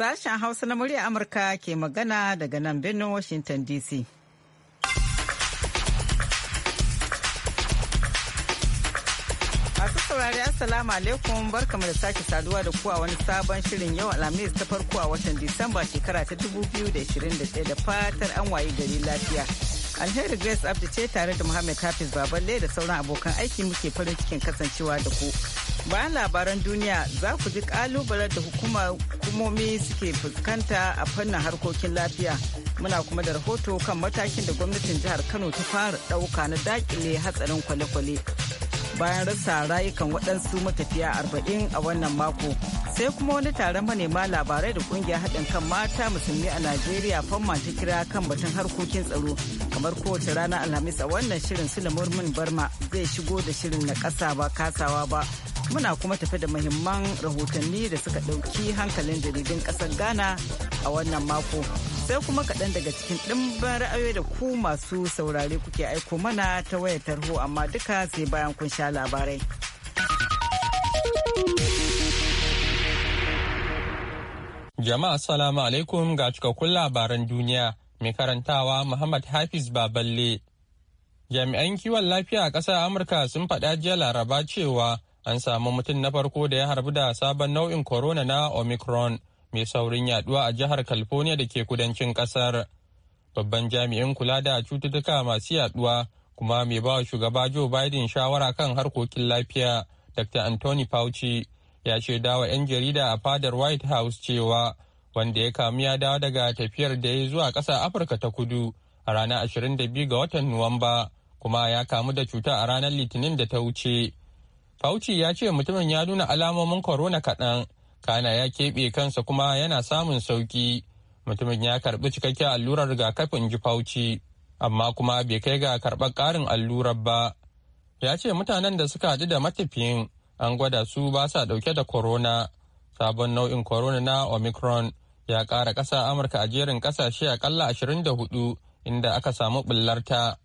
Sashen Hausa na murya Amurka ke magana daga nan birnin Washington DC. Masu saurari Assalamu alaikum barkamu da sake saduwa da kuwa wani sabon shirin yau Alhamis ta farko a watan Disamba shekara ta 2021 da fatar an wayi gari lafiya. alheri grace abdu ce tare da muhammad hafiz baballe da sauran abokan aiki muke farin cikin kasancewa da ku bayan labaran duniya za ku ji kalubalen da hukumomi suke fuskanta a fannin harkokin lafiya muna kuma da rahoto kan matakin da gwamnatin jihar kano ta fara ɗauka na dakile hatsarin kwale-kwale bayan rasa rayukan waɗansu matafiya arba'in a wannan mako sai kuma wani taron manema labarai da kungiyar haɗin kan mata musulmi a najeriya fama ta kira kan batun harkokin tsaro kamar kowace rana alhamis a wannan shirin murmin barma zai shigo da shirin na ƙasa ba kasawa ba muna kuma tafi da muhimman rahotanni da suka ɗauki hankalin jaridun ƙasar ghana a wannan mako sai kuma kaɗan daga cikin ɗimbin ra'ayoyi da ku masu saurare kuke aiko mana ta waya tarho amma duka sai bayan kun sha labarai. Jama'a salamu alaikum ga cikakkun labaran duniya mai karantawa Muhammad Hafiz Baballe. Jami'an kiwon lafiya a ƙasar Amurka sun faɗa jiya laraba cewa an samu mutum na farko da ya harbu da sabon nau'in corona na Omicron mai saurin yaduwa a jihar california da ke kudancin kasar babban jami'in kula da cututtuka masu yaduwa kuma mai ba wa shugaba joe biden shawara kan harkokin lafiya dr anthony fauci ya shaidawa 'yan jarida a fadar white house cewa wanda ya kamu ya dawo daga tafiyar da ya zuwa ƙasa afirka ta kudu a ranar 22 ga watan nuwamba kuma ya kamu da cuta a ranar litinin da ta wuce fauci ya ce mutumin ya nuna alamomin corona kaɗan kana ya keɓe kansa kuma yana samun sauki mutumin ya karɓi cikakken allurar rigakafin ji fauci amma kuma bai kai ga karɓar ƙarin allurar ba ya ce mutanen da suka haɗu da matafiyin an gwada su ba sa ɗauke da korona sabon nau'in corona na omicron ya ƙara ƙasa amurka a jerin ƙasashe aƙalla hudu inda aka samu ɓullarta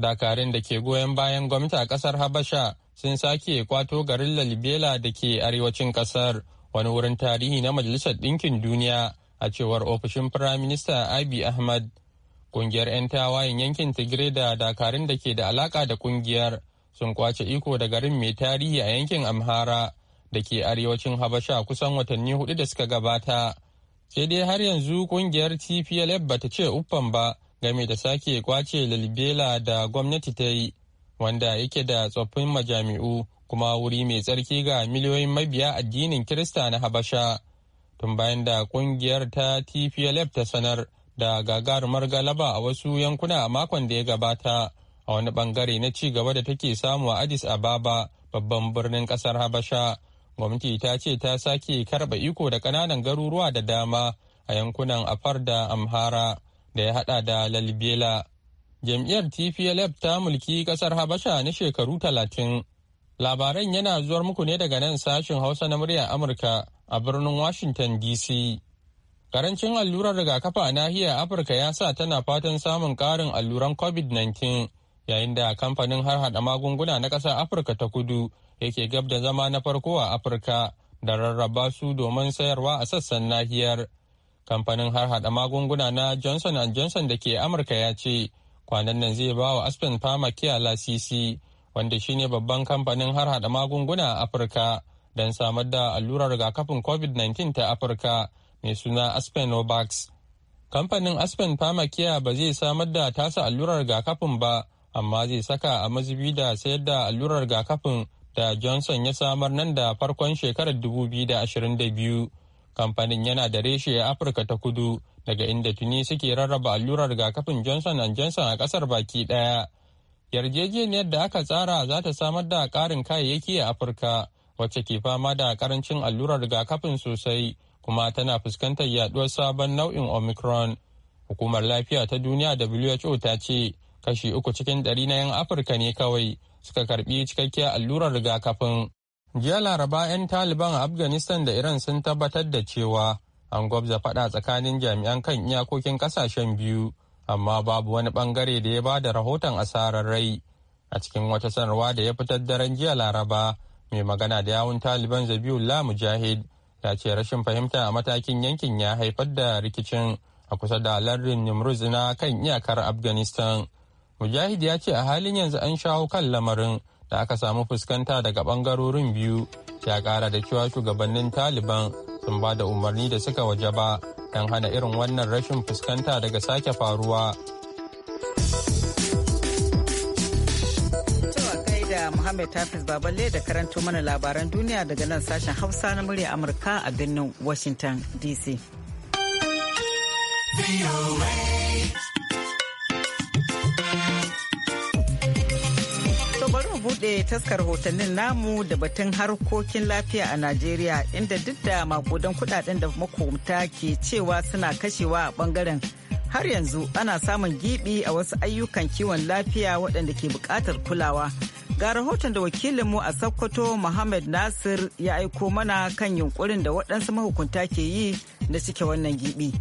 dakarun da ke goyon bayan gwamnati a ƙasar habasha sun sake kwato garin lalibela da ke arewacin ƙasar wani wurin tarihi na Majalisar Ɗinkin Duniya a cewar ofishin Firaminista abi Ahmad. Kungiyar 'yan tawayen yankin Tigray da dakarun da ke da alaka da kungiyar sun kwace iko da garin mai tarihi a yankin Amhara da ke arewacin Habasha kusan watanni hudu da suka gabata. Sai dai har yanzu kungiyar TPLF bata ce uffan ba game da sake kwace lalbela da gwamnati ta yi wanda yake da tsoffin majami'u kuma wuri mai tsarki ga miliyoyin mabiya addinin Kirista na Habasha. Tun bayan da kungiyar ta TPLF ta sanar da gagarumar galaba a wasu yankuna a makon da ya gabata a wani bangare na ci gaba da take samu a Addis Ababa babban birnin kasar Habasha. Gwamnati ta ce ta sake karba iko da ƙananan garuruwa da dama a yankunan Afar da Amhara da ya hada da Lalbela. Jam'iyyar TPLF ta mulki kasar Habasha na shekaru talatin. Labaran yana zuwar muku ne daga nan sashen Hausa na muryar Amurka a birnin Washington DC. Karancin allurar rigakafa a nahiyar Afirka ya sa tana fatan samun ƙarin alluran COVID-19 yayin da kamfanin harhaɗa magunguna na ƙasar Afirka ta kudu yake gab da zama na farko a Afirka da rarraba su domin sayarwa a sassan nahiyar. Kamfanin harhaɗa magunguna na Johnson Johnson da ke Amurka ya ce kwanan nan zai ba wa Aspen Pharmacare lasisi. wanda shine babban kamfanin har hada magunguna a Afirka don samar da allurar rigakafin COVID-19 ta Afirka mai suna aspen obax Kamfanin Aspen Pharmacare ba zai samar da tasa allurar rigakafin ba, amma zai saka a mazubi da sayar da allurar rigakafin da Johnson ya samar nan da farkon shekarar 2022. Kamfanin yana da reshe a Afirka ta kudu, daga inda tuni suke rarraba allurar rigakafin Johnson Johnson a kasar baki daya. yarjejeniyar da aka tsara za ta samar da karin kayayyaki a afirka wacce ke fama da karancin allurar rigakafin sosai kuma tana fuskantar yaduwar sabon nau'in omicron hukumar lafiya ta duniya who ta ce kashi uku cikin ɗari na 'yan afirka ne kawai suka karbi cikakkiyar allurar rigakafin jiya laraba 'yan taliban a afghanistan da iran sun tabbatar da cewa an gwabza faɗa tsakanin jami'an kan iyakokin ƙasashen biyu amma babu wani bangare da ya ba da rahoton asarar rai a cikin wata sanarwa da ya fitar daren jiya laraba mai magana da yawun taliban zabiullah mujahid ya ce rashin fahimta a matakin yankin ya haifar da rikicin a kusa da lardin nimruz na kan iyakar afghanistan mujahid ya ce a halin yanzu an shawo kan lamarin da aka samu fuskanta daga bangarorin biyu ya kara da cewa shugabannin taliban sun ba da umarni da suka waje ba don hana irin wannan rashin fuskanta daga sake faruwa Muhammad tafis Baballe da karanto mana labaran duniya daga nan sashen Hausa na murya Amurka a birnin Washington DC. buɗe taskar hotannin namu da batun harkokin lafiya a Najeriya inda duk da makudan kudaden da makomta ke cewa suna kashewa a bangaren har yanzu ana samun gibi a wasu ayyukan kiwon lafiya waɗanda ke buƙatar kulawa. Ga rahoton da wakilinmu a Sokoto Muhammad Nasir ya aiko mana kan yunkurin da waɗansu mahukunta ke yi na cike wannan gibi.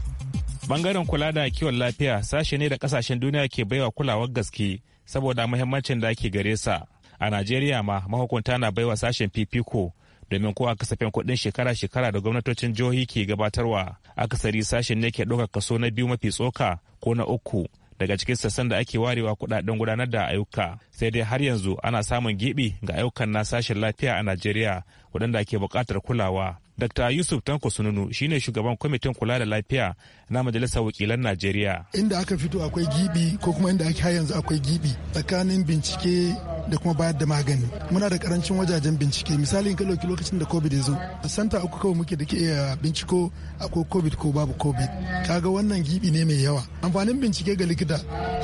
Bangaren kula da kiwon lafiya sashe ne da ƙasashen duniya ke baiwa kulawar gaske. saboda muhimmancin da ake gare sa a najeriya ma mahukunta na baiwa sashen fifiko domin ko a kasafin kuɗin shekara-shekara da gwamnatocin jihohi ke gabatarwa akasari sashen ne ke ɗaukar kaso na biyu mafi tsoka ko na uku daga cikin sassan da ake warewa kudaden gudanar da ayyuka sai dai har yanzu ana samun gibi ga ayyukan na sashen lafiya a najeriya waɗanda ke buƙatar kulawa Dr. Yusuf Tanko Sununu shine shugaban kwamitin kula da lafiya na Majalisar Wakilan Najeriya. Inda aka fito akwai gibi ko kuma inda aka yanzu akwai gibi tsakanin bincike da kuma bayar da magani. Muna da karancin wajajen bincike misali in ka lokacin da COVID ya zo. A santa uku kawai muke da ke iya binciko akwai COVID ko babu COVID. Kaga wannan gibi ne mai yawa. Amfanin bincike ga likita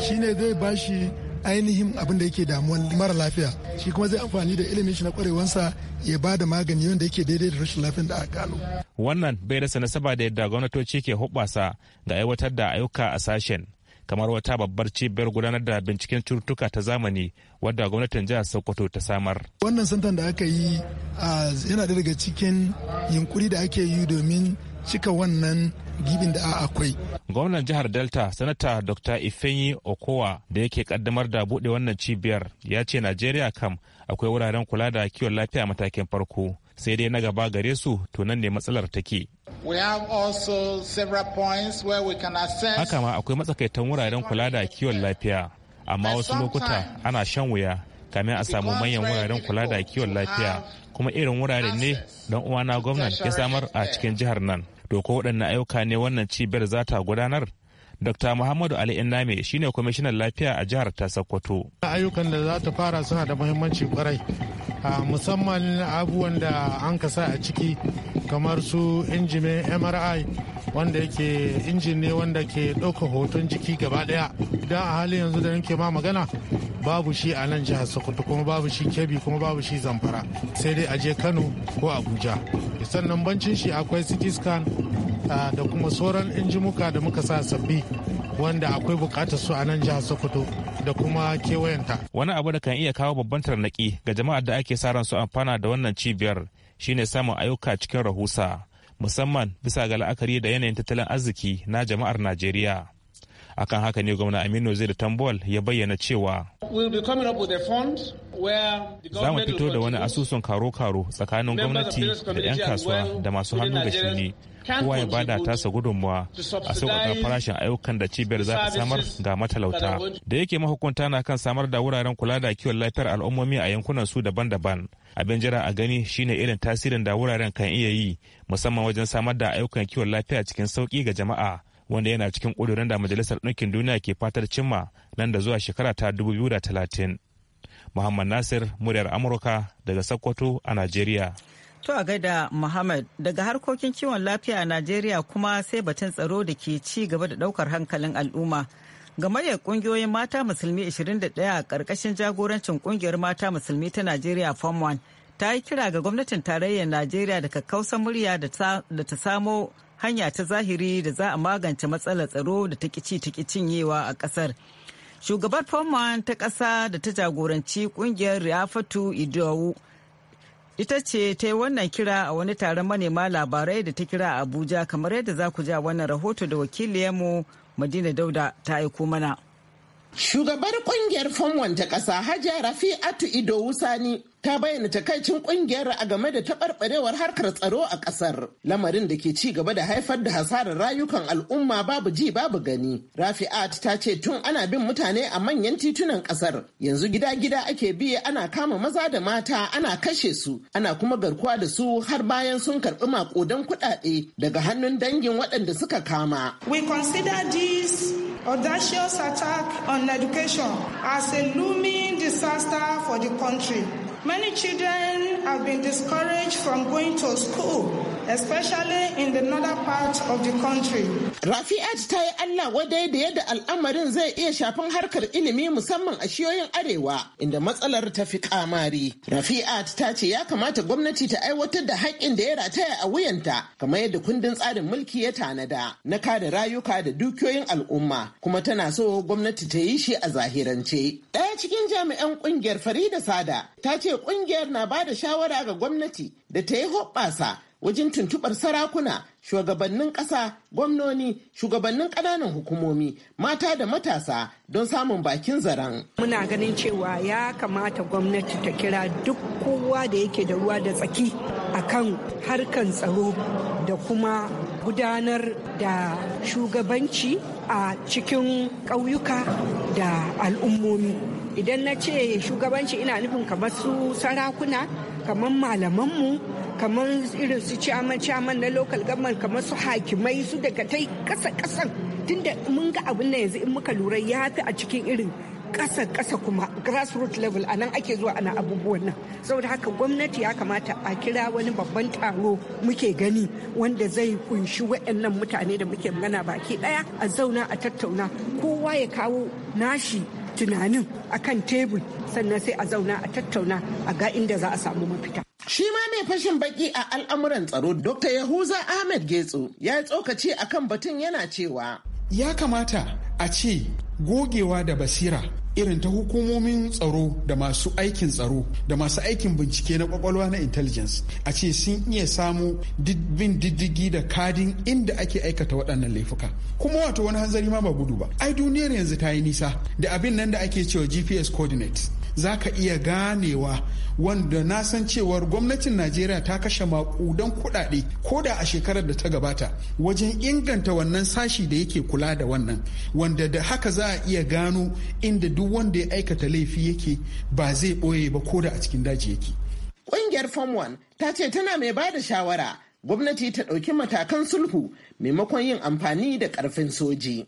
shine zai bashi ainihin abin da yake damuwan mara lafiya shi kuma zai amfani da ilimin shi na kwarewansa ya ba da magani wanda yake daidai da rashin lafiyar da aka gano. Wannan bai rasa nasaba da yadda gwamnatoci ke hubasa ga aiwatar da ayyuka a sashen kamar wata babbar cibiyar gudanar da binciken cututtuka ta zamani wadda gwamnatin jihar Sokoto ta samar. Wannan santan da aka yi yana daga cikin yunkuri da ake yi domin cika wannan gibin da akwai. Gwamnan jihar Delta, Sanata Dr. Ifeanyi Okowa da yake kaddamar da buɗe wannan cibiyar ya ce Najeriya kam akwai wuraren kula da kiwon lafiya matakin farko. sai dai na gaba gare su to nan ne matsalar take. Haka ma akwai matsakaitan wuraren kula da kiwon lafiya, amma wasu lokuta ana shan wuya kamin a samu manyan wuraren kula da kiwon lafiya kuma irin wuraren ne don uwana gwamnan ya samar a cikin jihar nan. to ko waɗanne ayyuka ne wannan cibiyar za ta gudanar Dr. Muhammadu Ali Inname ne kwamishinan lafiya a jihar ta Sokoto. Ayyukan da za ta fara suna da muhimmanci kwarai musamman abubuwan da an kasa a ciki kamar su injimin mri wanda yake injin ne wanda ke ɗauka hoton jiki gaba ɗaya don a halin yanzu da nake ma magana babu shi a nan jihar sokoto kuma babu shi kebbi kuma babu shi zamfara sai dai a je kano ko abuja sannan bancin shi akwai ct scan da kuma sauran injimuka da muka sa sabbi wanda akwai bukatar su a nan jihar sokoto da kuma kewayenta wani abu da kan iya kawo babban tarnaki ga jama'ar da ake ke sa ran su amfana da wannan cibiyar shine samun ayyuka cikin rahusa musamman bisa ga la'akari da yanayin tattalin arziki na jama'ar najeriya akan haka ne gwamna aminu zai da tambol ya bayyana cewa za mu fito da wani asusun karo-karo tsakanin gwamnati da 'yan kasuwa da masu hannu da shuni kowa ya bada tasa gudunmuwa a sauƙaƙa farashin ayyukan da cibiyar za ta samar ga matalauta da yake mahukunta na kan samar da wuraren kula da kiwon lafiyar al'ummomi a yankunan su daban-daban abin jira a gani shine irin tasirin da wuraren kan iya yi musamman wajen samar da ayyukan kiwon lafiya cikin sauƙi ga jama'a wanda yana cikin ƙudurin da majalisar ɗinkin duniya ke fatar cimma nan da zuwa shekara ta 2030 muhammad nasir muryar amurka daga sokoto a najeriya To a gaida Muhammad daga harkokin kiwon lafiya a Najeriya kuma sai batun tsaro da ke ci gaba da ɗaukar hankalin al'umma. Gamayyar ƙungiyoyin mata musulmi 21 a ƙarƙashin jagorancin ƙungiyar mata musulmi ta Najeriya Form 1 ta yi kira ga gwamnatin tarayyar Najeriya da kakkausar murya da ta samo hanya ta zahiri da za a magance matsalar tsaro da ta kici ta cinyewa a kasar. Shugabar Foman ta ƙasa da ta jagoranci ƙungiyar ri'afatu Idowu ita ce ta yi wannan kira a wani taron manema labarai da ta kira a Abuja kamar yadda za ku ja wannan rahoto da wakiliyarmu Madina Dauda ta aiko mana. Shugabar kungiyar Famwan ta ƙasa Hajiya Rafi'atu Ido Wusani ta bayyana takaicin kungiyar a game da taɓarɓarewar harkar tsaro a ƙasar. Lamarin da ke ci gaba da haifar da hasarar rayukan al'umma babu ji babu gani. Rafi'at ta ce tun ana bin mutane a manyan titunan ƙasar. Yanzu gida-gida ake biye ana kama maza da mata ana kashe su ana kuma garkuwa da su har bayan sun karɓi maƙudan kuɗaɗe daga hannun dangin waɗanda suka kama. We consider these audacious attack on education as a looming disaster for the country. Many children have been discouraged from going to school especially in the northern part of the country. Rafi'at ta yi Allah wadai da yadda al'amarin zai iya shafan harkar ilimi musamman a shiyoyin arewa inda matsalar ta fi kamari. Rafi'at ta ce ya kamata gwamnati ta aiwatar da haƙƙin da ya rataya a wuyanta kamar yadda kundin tsarin mulki ya tanada na kada rayuka da dukiyoyin al'umma kuma tana so gwamnati ta yi shi a zahirance. Ɗaya cikin jami'an ƙungiyar Farida Sada ta ce ƙungiyar na ba da shawara ga gwamnati da ta yi hoɓɓasa wajen tuntuɓar sarakuna, shugabannin ƙasa, gwamnoni, shugabannin ƙananan hukumomi, mata da matasa don samun bakin zaren. Muna ganin cewa ya kamata gwamnati ta kira duk kowa da yake da ruwa da tsaki a kan harkan tsaro da kuma gudanar da shugabanci a cikin ƙauyuka da al'ummomi. Idan na ce shugabanci ina nufin kamar su sarakuna, kamar malamanmu. kamar irin su caman caman na local government kamar su hakimai su daga yi kasa kasan tunda mun ga abin nan yanzu in muka lura ya fi a cikin irin kasa kasa kuma grassroots level a nan ake zuwa ana abubuwan nan saboda haka gwamnati ya kamata a kira wani babban taro muke gani wanda zai kunshi wa'annan mutane da muke magana baki ɗaya a zauna a tattauna kowa ya kawo nashi tunanin akan tebur sannan sai a zauna a tattauna a ga inda za a samu mafita Shi ma mai fashin baki a al'amuran tsaro Dr. Yahuza Ahmed Getso ya tsokaci akan batun yana cewa. Ya kamata a ce gogewa da basira irin ta hukumomin tsaro da masu aikin tsaro da masu aikin bincike na kwakwalwa na intelligence a ce sun iya samu bin diddigi da kadin inda ake aikata waɗannan laifuka kuma wato wani hanzari ma ba gudu ba ai duniyar yanzu ta yi nisa da abin nan da ake cewa gps coordinates za ka iya ganewa wanda na san cewar gwamnatin najeriya ta kashe makudan kudade ko da a shekarar da ta gabata wajen inganta wannan sashi da yake kula da wannan wanda da haka za a iya gano inda duk wanda ya aikata laifi yake ba zai ɓoye ba ko da a cikin daji yake ƙungiyar form 1 ta ce tana mai ba da shawara gwamnati ta ɗauki matakan sulhu maimakon yin amfani da karfin soji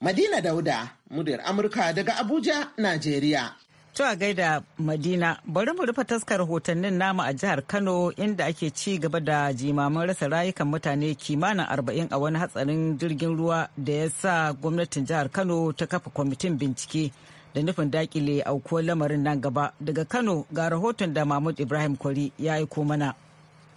madina dauda muryar amurka daga abuja najeriya To a gaida Madina, bari mu rufe taskar rahotannin namu a jihar Kano inda ake ci gaba da jimamin rasa rayukan mutane kimanin arba'in a wani hatsarin jirgin ruwa da ya sa gwamnatin jihar Kano ta kafa kwamitin bincike da nufin dakile aukuwar lamarin nan gaba. Daga Kano ga rahoton da Mahmud Ibrahim Kwari ya aiko mana.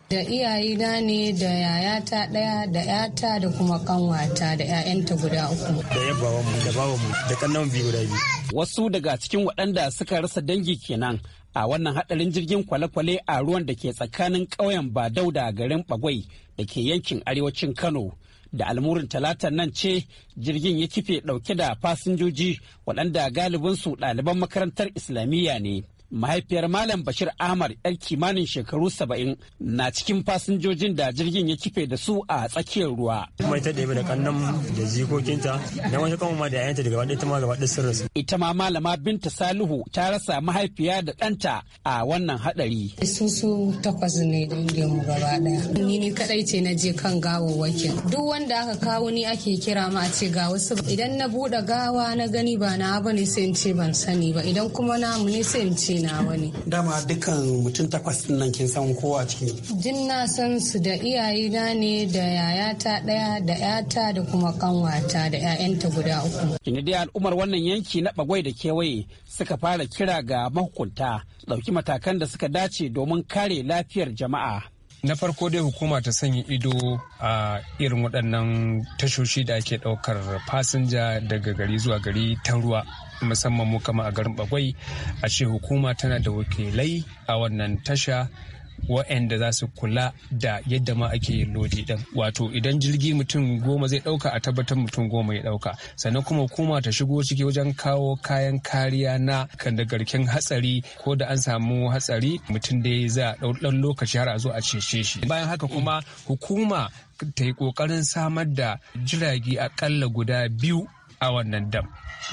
da iyayena ne da yayata ɗaya da yata da kuma kanwata da 'ya'yanta guda uku da yabawanmu da bawanmu da kannan biyu guda biyu wasu daga cikin waɗanda suka rasa dangi kenan a wannan hadarin jirgin kwale-kwale a ruwan da ke tsakanin ƙauyen badau da garin bagwai da ke yankin arewacin kano da almurin talatan nan ce jirgin ya kife dauke da fasinjoji waɗanda galibinsu ɗaliban makarantar islamiyya ne mahaifiyar malam bashir ahmad yar kimanin shekaru saba'in na cikin fasinjojin da jirgin ya kife da su a tsakiyar ruwa mai ta ɗaya da kannan da jikokinta da wani kan ma da yayanta daga wadda ita ma gaba da sirrin ita ma malama binta salihu ta rasa mahaifiya da ɗanta a wannan haɗari su su takwas ne dangin mu gaba ɗaya ni ni kadai ce na je kan gawawwakin duk wanda aka kawo ni ake kira ma a ce ga wasu idan na buɗe gawa na gani ba na ba ne sai in ce ban sani ba idan kuma na mu ne sai in ce ce nawa dama dukkan mutum takwas nan kin san kowa cikin din na san su da iyayena ne da yayata daya da yata da kuma kanwata da 'ya'yanta guda uku kini dai al'ummar wannan yanki na bagwai da kewaye suka fara kira ga mahukunta ɗauki matakan da suka dace domin kare lafiyar jama'a na farko dai hukuma ta sanya ido a irin waɗannan tashoshi da ake ɗaukar fasinja daga gari zuwa gari ta ruwa musamman mu kama a garin bagwai a ce hukuma tana da wakilai a wannan tasha wa'anda za su kula da yadda ma ake lodi ɗin wato idan jirgi mutum goma zai ɗauka a tabbatar mutum goma ya ɗauka sannan kuma hukuma ta shigo ciki wajen kawo kayan kariya na kan garken hatsari ko da an samu hatsari mutum da ya za a ɗan lokaci har a zo a cece shi bayan haka kuma hukuma ta yi ƙoƙarin samar da jirage akalla guda biyu a wannan dam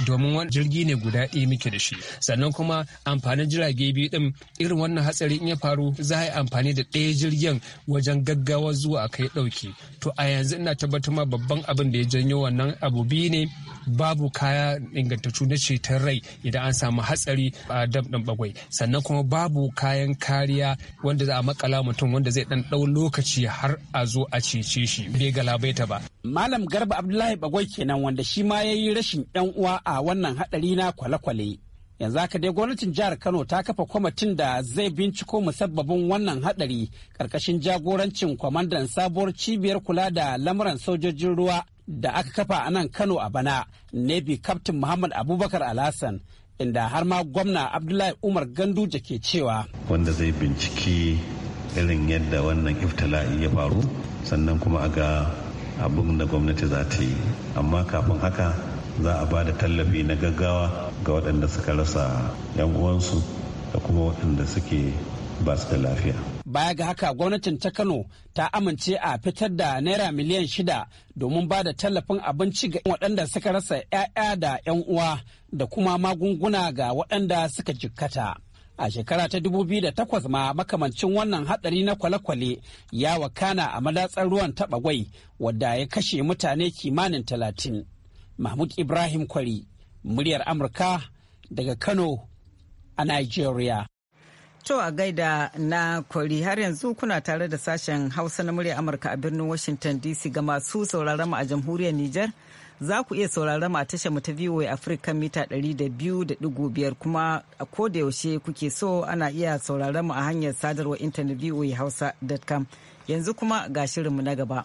domin wani jirgi ne guda ɗaya muke da shi sannan kuma amfanin jirage biyu ɗin irin wannan hatsari in ya faru za a yi amfani da ɗaya jirgin wajen gaggawa zuwa a kai ɗauki to a yanzu ina tabbatar ma babban abin da ya janyo wannan abu biyu ne babu kaya ingantattu na ceton rai idan an samu hatsari a dam ɗin bagwai sannan kuma babu kayan kariya wanda za a makala mutum wanda zai ɗan ɗau lokaci har a zo a cece shi bai galabaita ba. Malam Garba Abdullahi Bagwai kenan wanda shi ma ya yi yi rashin 'yan uwa a wannan haɗari na kwale-kwale. yanzu haka dai gwamnatin jihar kano ta kafa kwamitin da zai binciko musabbabin wannan hadari karkashin jagorancin kwamandan sabuwar cibiyar kula da lamuran sojojin ruwa da aka kafa a nan kano a bana nebi kaftin muhammad abubakar alhassan inda har ma gwamna abdullahi umar ganduje ke cewa wanda zai binciki irin yadda wannan iftila'i ya faru sannan kuma a ga abin da gwamnati za ta yi amma kafin haka za a ba da tallafi na gaggawa ga waɗanda suka rasa 'yan uwansu da kuma waɗanda suke ba su da lafiya. Baya ga haka gwamnatin ta Kano ta amince a fitar da naira miliyan shida domin ba da tallafin abinci ga waɗanda suka rasa 'ya'ya da 'yan uwa da kuma magunguna ga waɗanda suka jikkata. a shekara ta dubu biyu da 2008 ma makamancin wannan hadari na kwale-kwale ya wakana a madatsar ruwan taɓa gwai wadda ya kashe mutane kimanin talatin. Mahmud Ibrahim Kwari, muryar Amurka daga Kano a Nigeria. To a gaida na kwari har yanzu kuna tare da sashen Hausa na murya Amurka a birnin Washington DC ga masu sauraron mu a jamhuriyar Nijar. Za ku iya sauraron mu a tashar mu ta VOA Africa mita 200.5 kuma a koda yaushe kuke so ana iya sauraron mu a hanyar sadarwar intanet voahausa.com. Yanzu kuma ga shirinmu na gaba.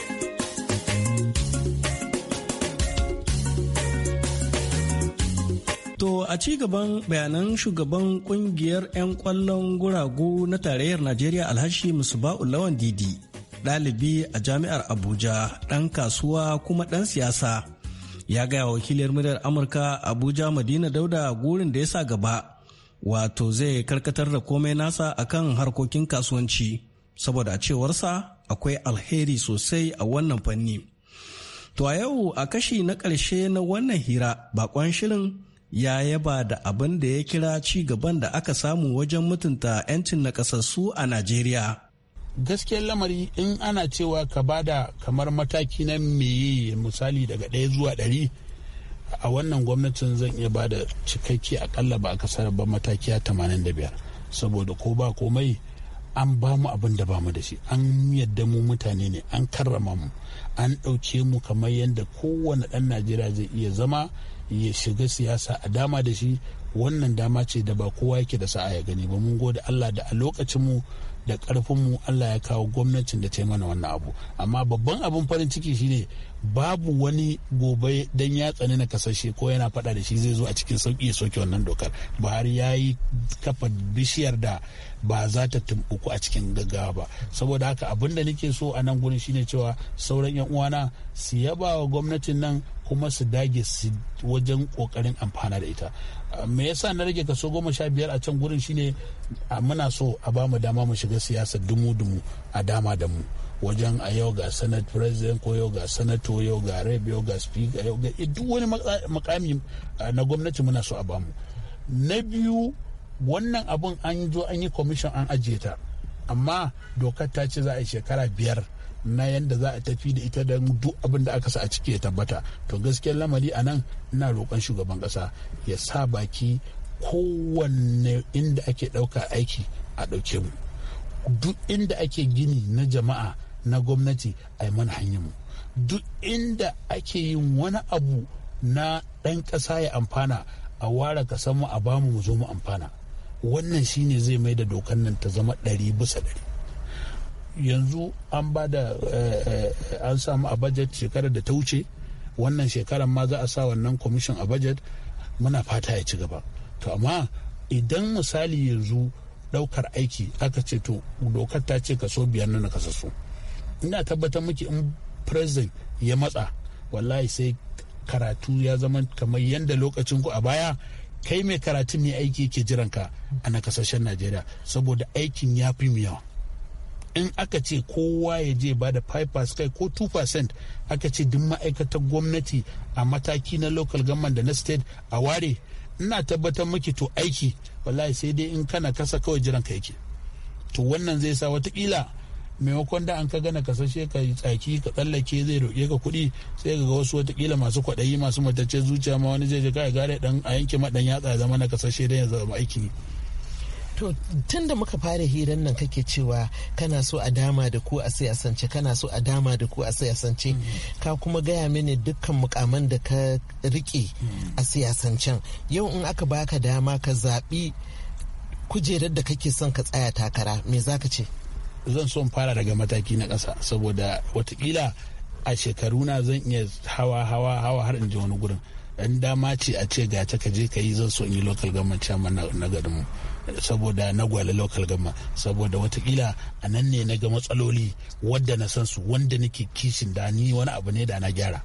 a ci gaban bayanan shugaban kungiyar 'yan kwallon guragu na tarayyar Najeriya Alhashi Musba'u Lawan Didi, ɗalibi a jami'ar Abuja, ɗan kasuwa kuma ɗan siyasa. Ya gaya wakiliyar muryar Amurka Abuja Madina Dauda gurin da ya sa gaba, wato zai karkatar da komai nasa akan harkokin kasuwanci, saboda cewarsa akwai alheri sosai a wannan fanni. To a yau a kashi na ƙarshe na wannan hira bakon shirin ya yaba da abin da ya kira ci gaban da aka samu wajen mutunta 'yancin nakasassu a Najeriya. Gaskiyar lamari in ana cewa ka bada kamar mataki na meye misali daga ɗaya zuwa ɗari a wannan gwamnatin zan iya bada cikakke akalla ba a kasar ba mataki a 85 saboda ko ba komai an ba mu abin da ba mu da shi an yadda mu mutane ne an karrama mu an ɗauke mu kamar yadda kowane ɗan najeriya zai iya zama ya shiga siyasa a dama da shi wannan dama ce da ba kowa yake da sa'a ya gani ba mun gode Allah da a lokacin mu da karfin mu Allah ya kawo gwamnatin da ta mana wannan abu amma babban abun farin ciki shine babu wani gobe dan ya tsani na kasashe ko yana faɗa da shi zai zo a cikin sauki ya soke wannan dokar Buhari ya yi kafa bishiyar da ba za ta tumbuku a cikin gaggawa ba saboda haka abin da nake so a nan gurin shine cewa sauran yan uwana su yaba wa gwamnatin nan kuma su dage su wajen kokarin amfana da ita me yasa na rage kaso goma sha biyar a can gurin shine muna so a ba mu dama mu shiga siyasa dumu-dumu a dama da mu wajen a yau ga senate president ko yau ga senator yau ga rep yau ga speaker yau ga eh, duk wani makami na gwamnati muna so a ba mu. na biyu wannan abun an zo an yi commission an ajiye ta amma dokar ta ce za a yi shekara biyar na yadda za a tafi da ita don duk abin da aka sa a ciki ya tabbata to gaskiyar lamari a nan ina roƙon shugaban ƙasa ya sa baki kowanne inda ake ɗauka aiki a ɗauke mu duk inda ake gini na jama'a na gwamnati a yi mana hanyar mu duk inda ake yin wani abu na ɗan ƙasa ya amfana a ware ka samu a bamu mu zo mu amfana wannan shine zai mai da dokan nan ta zama ɗari bisa ɗari yanzu an ba da eh, eh, an samu a budget shekarar da ta wuce wannan shekarar ma za a sa wannan commission a budget muna fata ya ci gaba to amma idan misali yanzu daukar aiki aka ce to dokar ta ce kaso biyar na nakasassu ina tabbatar miki in president ya matsa wallahi sai karatu ya zama kamar yadda lokacin ku a baya kai mai karatu ne aiki ke jiranka a nakasashen najeriya saboda aikin ya fi mu yawa in aka ce kowa ya je ba da 5% kai ko 2% aka ce duk ma'aikatar gwamnati a mataki na local government da na state a ware ina tabbatar miki to aiki wallahi sai dai in kana kasa kawai jiran ka yake to wannan zai sa watakila maimakon da an ka gana kasashe ka yi tsaki ka tsallake zai roƙe ka kuɗi sai ga wasu watakila masu kwaɗayi masu matacce zuciya ma wani zai je kai gare dan a yanke maɗan yatsa zama na kasashe dan ya zama aiki To tun da muka fara hirar nan kake cewa kana so a dama da ku a siyasance kana so a dama da ku a siyasance mm. ka kuma gaya mini dukkan mukaman da ka rike mm. a siyasancen yau in aka baka dama ka zaɓi kujerar da kake son ka tsaya takara me za ka ce? Zan son fara daga mataki na ƙasa saboda watakila a shekaru na zan iya hawa hawa hawa har in je wani gurin. Dan dama ce a ce ga ta ka je ka yi zan so in yi local government chairman na garinmu. mu. saboda na gwale local gama saboda watakila a nan ne na ga matsaloli wadda na san su wanda nake kishin da ni wani abu ne da na gyara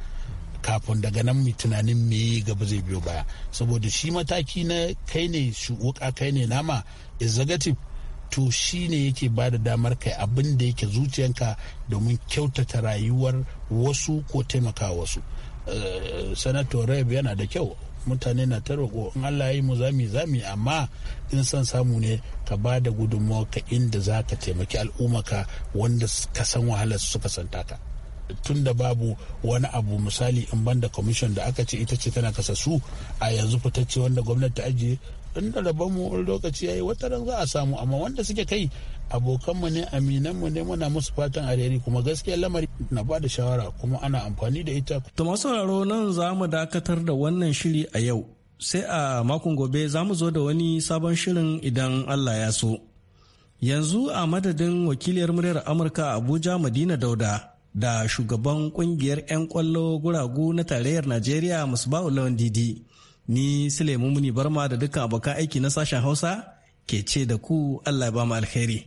kafin daga nan mai tunanin me gaba zai biyo baya saboda shi mataki na kai ne wuka kai ne nama executive to shi ne yake ba da damar kai abin da yake zuciyanka domin kyautata rayuwar wasu ko taimaka wasu eh, sanator yana da kyau mutane na ta roƙo in allah yi mu zami zami amma in son samu ne ka ba da ka inda za ka taimaki al'umma ka wanda ka san wahalar suka santa ka tun da babu wani abu misali in banda commission da aka ce ita ce tana kasassu a yanzu fitacce wanda gwamnati ta ajiye inda ban mu lokaci yayi wata za a samu amma wanda suke kai abokanmu ne aminanmu ne muna musu fatan alheri kuma gaskiya lamari na ba da shawara kuma ana amfani da ita. To masu sauraro nan za mu dakatar da wannan shiri a yau sai a makon gobe za mu zo da wani sabon shirin idan Allah ya so. Yanzu a madadin wakiliyar muryar Amurka Abuja Madina Dauda da shugaban kungiyar 'yan kwallo guragu na tarayyar Najeriya Musba'u Lawan Didi. Ni Suleiman Muni Barma da dukkan abokan aiki na sashen Hausa ke ce da ku Allah ya ba mu alheri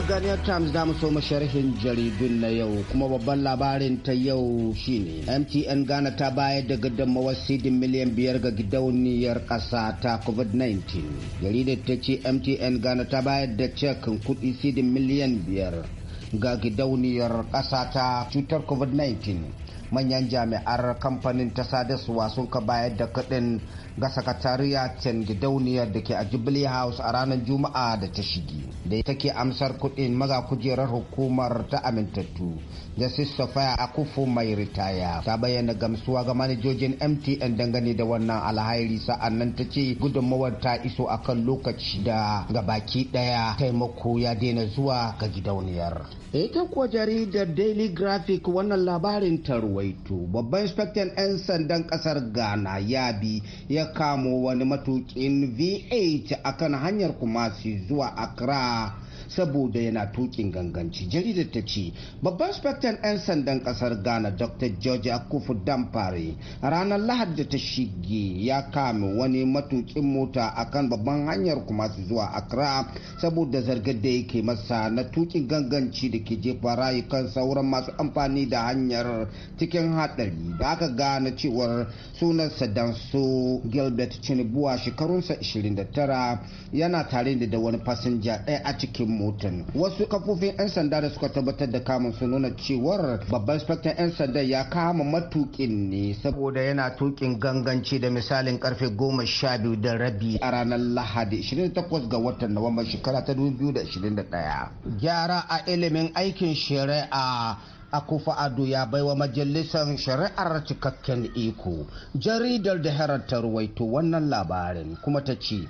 jaridar Ghanaian Times da so sharhin jaridun na yau kuma babban labarin ta yau shine MTN Ghana ta bayar da gudunmawar sidin miliyan biyar ga gidauniyar ƙasa ta COVID-19. Jaridar ta ce MTN Ghana ta bayar da cekin kuɗi sidin miliyan biyar ga gidauniyar ƙasa ta cutar COVID-19. Manyan jami'ar kamfanin ta sadarwa sun ka bayar da kuɗin ga sakatariyacin gidauniyar da ke a jubilee house a ranar juma'a da ta shige da ya take amsar kuɗin maga kujerar hukumar ta amintattu da justice a akufu mai ritaya ta bayyana gamsuwa ga manajojin mtn dangane da wannan alhairi sa'an nan ta ce gudunmawar ta iso a kan lokaci da ga baki daya taimako ya daina zuwa ga gidauniyar eh, ita kuwa jaridar daily graphic wannan labarin ta ruwaito babban inspector 'yan sandan kasar ghana yabi ya kamo wani matukin V8 akan hanyar Kumasi zuwa Accra saboda yana tukin ganganci jaridar ta ce babban spectrum 'yan sandan kasar ghana dr george akufu damfare ranar lahadi da ta shige ya kame wani matukin mota akan babban hanyar kuma su zuwa accra saboda zargar da yake masa na tukin ganganci da ke jefa rayukan sauran masu amfani da hanyar cikin haɗari da aka gane cewar sunansa danso gilbert shekarunsa 29 yana tare da wani fasinja ɗaya a cikin motan wasu kafofin 'yan sanda da suka tabbatar da kamun su nuna cewar babban inspector 'yan sanda ya kama matukin ne saboda yana tukin ganganci da misalin karfe goma sha da rabi a ranar lahadi 28 ga watan nuwamban shekara ta 2021 gyara a ilimin aikin shari'a akufa ado ya baiwa majalisar shari'ar cikakken iko jaridar da ta ruwaito wannan labarin kuma ta ce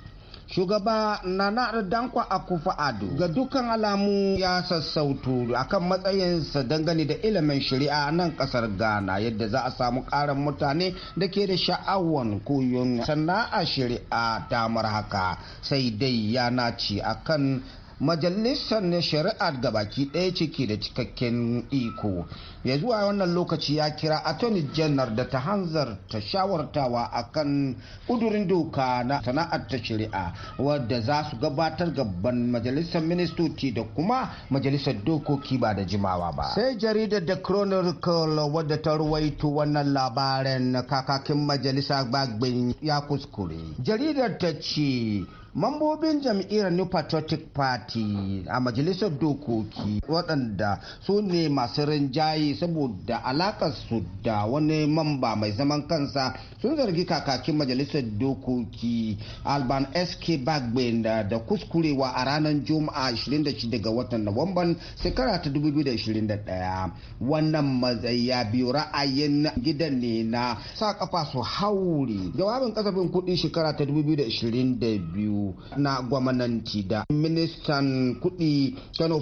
shugaba nana dankwa akufa ado ga dukkan alamu ya sassauto akan matsayinsa dangane da ilimin shari'a nan kasar ghana yadda za a samu karin mutane da ke da sha'awan koyon sana'a shari'a damar haka sai dai ya naci akan majalisar shari'ar gabaki ɗaya ciki da cikakken iko ya zuwa wannan lokaci ya kira attorney general da ta Hanzar ta shawartawa akan kudurin doka na sana'ar ta shari'a wadda za su gabatar gaban majalisar ministoci da kuma majalisar dokoki ba da jimawa ba sai jaridar da chronicle wadda ta ruwaito wannan labarin kakakin majalisa gbagbin ya kuskure jaridar ta ce mambobin jam'iyyar new patriotic party a majalisar dokoki waɗanda su ne masu rinjaye saboda saboda alakarsu da wani mamba mai zaman kansa sun zargi kakakin majalisar dokoki alban sk bagbe da kuskurewa a ranar juma'a 26 daga watan nuwamban shekara ta 2021 wannan matsayi ya biyu ra'ayin gidan ne na sa kafa su haure jawabin kasafin kudi shekara ta 2022 na gwamnati da ministan kudi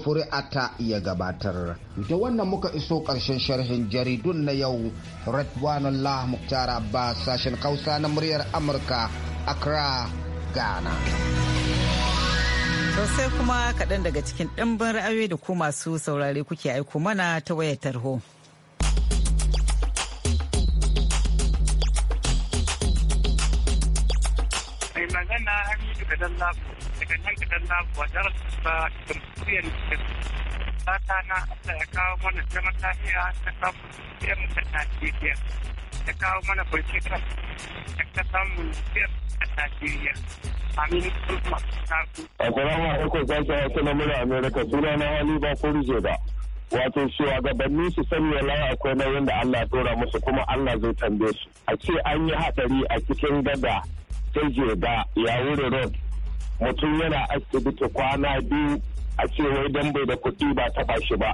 fure ata ya gabatar da wannan muka iso ƙarshen sharhin jaridun na yau Redwanullah Muktar Abbas sashen Hausa na muryar Amurka Accra Ghana. sosai kuma kaɗan daga cikin ɗimbin ra'ayoyi da ku masu saurare kuke aiko mana ta wayar tarho. Mai magana daga nan fata na Allah ya kawo mana zaman lafiya ta samu lafiyar da Najeriya. Ya kawo mana bincika da ta samu lafiyar da Najeriya. Amin. Assalamu alaikum sashen wasu na mura Amerika suna na hali ba ko rizo ba. wato shugabanni su sani wallahi akwai nauyin da Allah tura musu kuma Allah zai tambaye su a ce an yi hatsari a cikin gada ta jeda ya wuri road mutum yana asibiti kwana biyu a ce wai dan bai da kuɗi ba ta shi ba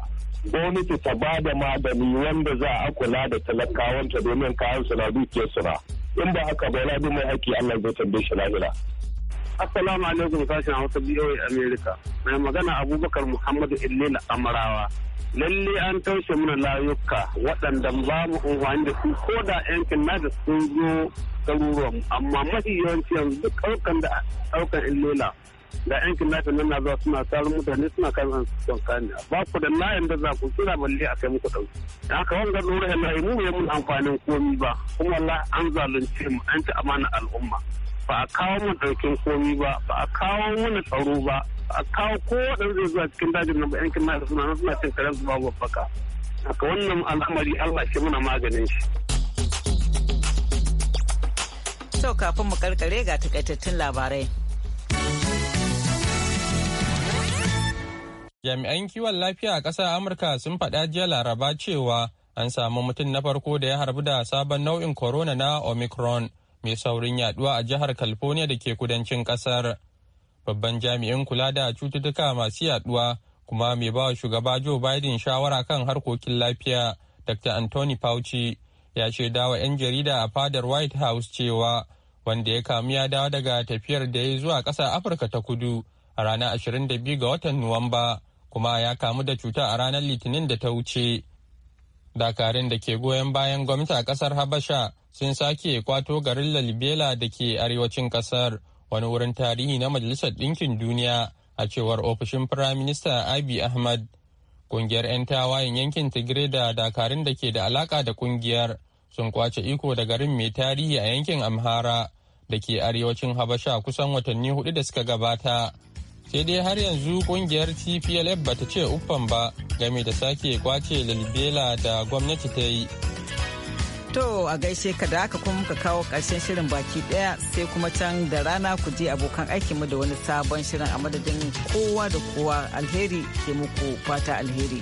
gwamnati ta ba da magani wanda za a kula da talakawanta domin kayan su na dukiyar su na in ba haka ba yana mai haƙƙi Allah zai tambaye shi lahira. Assalamu alaikum sashen Hausa BOA America. Mai magana Abubakar Muhammadu ilila Amarawa. Lalle an taushe mana layuka waɗanda ba mu unhwani da su ko da yankin na da sun zo garuruwanmu amma mafi yawanci yanzu duk ɗaukan da ɗaukan Illila da yan kidnapper nan na zuwa suna tsarin mutane suna kan an son kani ba ku da layin da za ku kira balle a kai muku dauki da haka wanga dore ya layi mu ya mun amfanin komi ba kuma la an zalunce mu an ci amana al'umma ba a kawo mu daukin komi ba ba a kawo mana tsaro ba a kawo ko da zai zuwa cikin dajin nan ba yan kidnapper suna nan suna cin karen su babu babbaka haka wannan al'amari Allah shi muna maganin shi to kafin mu karkare ga takaitattun labarai jami'an kiwon lafiya a ƙasar amurka sun faɗa jiya laraba cewa an samu mutum na farko da ya harbu da sabon nau'in corona na omicron mai saurin yaduwa a jihar california da ke kudancin ƙasar babban jami'in kula da cututtuka masu yaduwa kuma mai ba shugaba joe biden shawara kan harkokin lafiya dr anthony fauci ya shaida wa 'yan jarida a fadar white house cewa wanda ya kamu ya dawo daga tafiyar da ya zuwa ƙasar afirka ta kudu a ranar 22 ga watan nuwamba kuma ya kamu da cuta a ranar litinin da ta wuce dakarun da ke goyon bayan gwamnati a kasar habasha sun sake kwato garin lalibela da ke arewacin kasar wani wurin tarihi na majalisar ɗinkin duniya a cewar ofishin firaminista abi ahmad kungiyar 'yan tawayen yankin Tigre da dakarun da ke da alaka da kungiyar sun kwace iko da garin mai tarihi a yankin amhara da ke arewacin habasha kusan watanni hudu da suka gabata sai dai har yanzu kungiyar tplf ba ta ce uffan ba game da sake kwace lalbela da gwamnati ta yi to a gaishe ka da haka kuma muka kawo karshen shirin baki daya sai kuma can da rana ku je abokan mu da wani sabon shirin a madadin kowa da kowa alheri ke muku fata alheri